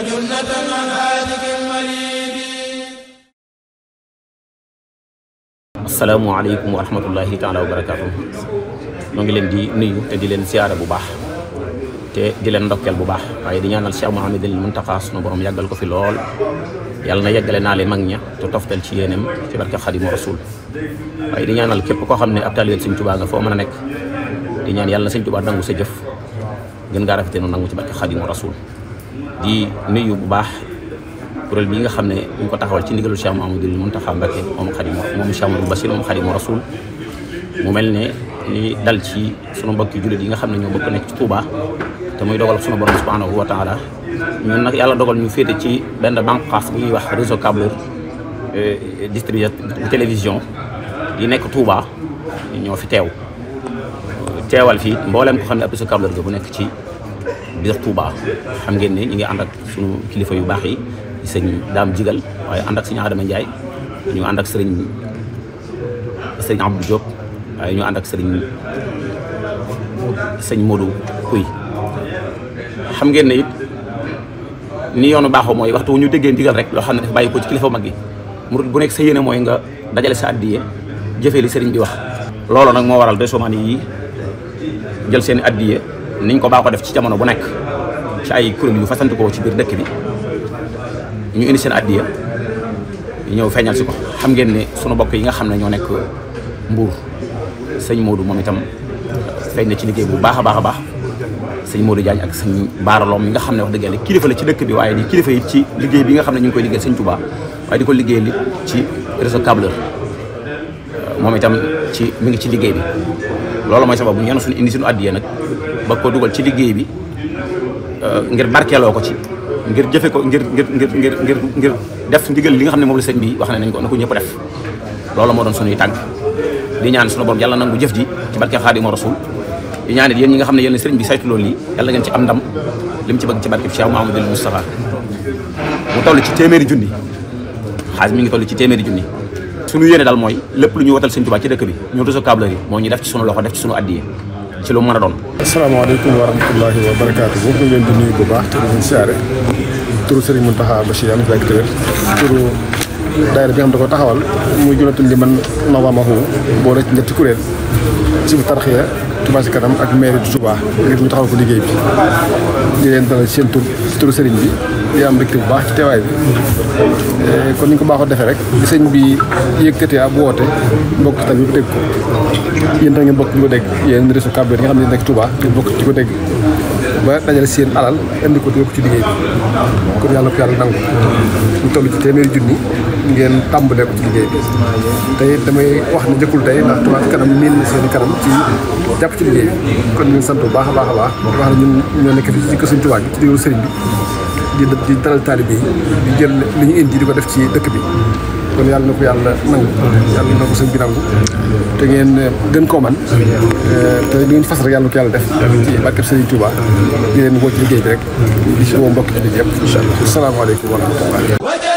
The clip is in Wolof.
وجنة عن هالك مريد asalaamualeykum wa rahmatullahi barakaatu moo ngi leen di nuyu te di leen siyaare bu baax te di leen ndokkeel bu baax waaye di ñaanal Cheikh Mouhamadul Mountakha sunu borom yàggal ko fi lool yàlla na yàggale naa leen mag ña te toftal ci yéenam ci barke Xadimu Rasul waaye di ñaanal képp koo xam ne ab taalibe Sëñ Tuubaa nga foo mën a nekk di ñaan yàlla na Sëñ Tuubaa nangu sa jëf gën ngaa rafetee noonu nangu ci barke Xadimu Rasul di nuyu bu baax kuréel bi nga xam ne ñu ko taxawal ci ndigalu Cheikh Mouhamadoul Mountakha Mbacké moom xadim moom Cheikh Mouhamadou Bassir moom xadimu rasul mu mel ne li dal ci sunu mbokki jullit yi nga xam ne ñoo bokk nekk ci Touba te muy dogal sunu borom subhanahu wa taala ñun nag yàlla dogal ñu féete ci benn bànqaas bu ñuy wax réseau câble euh, distributeur de télévision yi nekk Touba ñoo fi teew teewal fii mbooleem ko xam ne ab réseau câble bu nekk ci biir Touba xam ngeen ni ñu ngi ànd ak sunu kilifa yu baax yi sëñ daam jigal waaye ànd ak sëñ Adama Ndiaye ñu ànd ak sëriñ sëriñ Abdou ñu ànd sëriñ sëñ modu Kuy xam ngeen nit it ni yoonu baaxoo mooy waxtu ñu déggee ndigal rek loo xam ne dafa bàyyi ko ci kilifa mag yi murit bu nekk sa yéene mooy nga dajale sa addiye jëfee li sëriñ bi wax loolu nag moo waral de somaan yi jël seen addiye niñ ko baaxoo def ci jamono bu nekk ci ay kuréel yu fasantikoo ci biir dëkk bi ñu indi seen addiya ñëw feeñal si ko xam ngeen ni sunu bokk yi nga xam ne ñoo nekk mbuur sëñ Modou moom itam feeñ ci liggéey bu baax a baax baax sëñ Modou Diagne ak sëñ baaraloom mi nga xam ne wax dëgg kilifa la ci dëkk bi waaye di kilifa yi ci liggéey bi nga xam ne ñu ngi koy liggéey sëñ Touba waaye di ko liggéey li ci réseau câbleur moom itam ci mu ngi ci liggéey bi loolu mooy sabab bu ñu suñu indi suñu àddiyee nag ba ko dugal ci liggéey bi euh, ngir barkeeloo ko ci ngir jëfe ko ngir ngir ngir ngir ngir ngir def ndigal li nga xam ne moom la sëñ bi wax ne nañ ko na ko ñëpp def loolu moo doon suñuy tànk di ñaan suñu borom yàlla nangu jëf ji ci barke Xaadimu ñaan yéen ñi nga xam ne yéen sëriñ bi saytu loolu yi yàlla ngeen ci am ndam li mu ci bëgg ci barke Cheikh Mouhamadou Moustapha mu toll ci téeméeri junni xaalis mi ngi toll ci téeméeri junni suñu yéene daal mooy lépp lu ñu watal Sëñ Tuubaa ci dëkk bi ñun réseau câblerie moo ñu def ci suñu loxo def ci suñu addiye ci lu mën a doon asalaamaaleykum wa rahmatullahi wa barakaatu bu ñu leen di nuyu bu baax te ñu siyaare turu Sëriñ Muntaxa Bachir am fekk turu daayira bi xam da ko taxawal muy junatul li man nawa mahu boo rek ñetti kuréel ci bu tarxiya Touba Ca Kanam ak mairie du Touba taxaw ko liggéey bi di leen dalal seen tur sëriñ bi di am mbégte bu baax ci teewaay bi kon eh, ni ñu ko baaxoo defee rek di sëñ bi yëkkatee ab woote mbokk si tamit dégg ko yéen da ngeen bokk ci ko dégg yéen réseau yi nga xam ne nekk Touba ngeen bokk ci ko dégg ba dajal seen alal indi ko di ko ci liggéey bi kon yàlla ko yàlla nangu ñu toll ci téeméeri junni ngeen tàmbalee ko ci liggéey bi te it damay wax na njëkkul tey ndax Touba Ca Kanam miin seen kanam ci jàpp ci liggéey bi kon ñu ngi sant bu baax a baax a baax wax ne ñun ñoo nekk fii ci kër Sëriñ Touba bi ci digal bi di di dalal di jël li ñu indi di ko def ci dëkk bi kon yàlla na yàlla nangu yàlla na ko sëñ bi nangu te ngeen gën koo man te li ngeen fas rek yàlla na ko yàlla def ci barkeb sëriñ Touba ci liggéey bi rek di si woo mbokk ci liggéey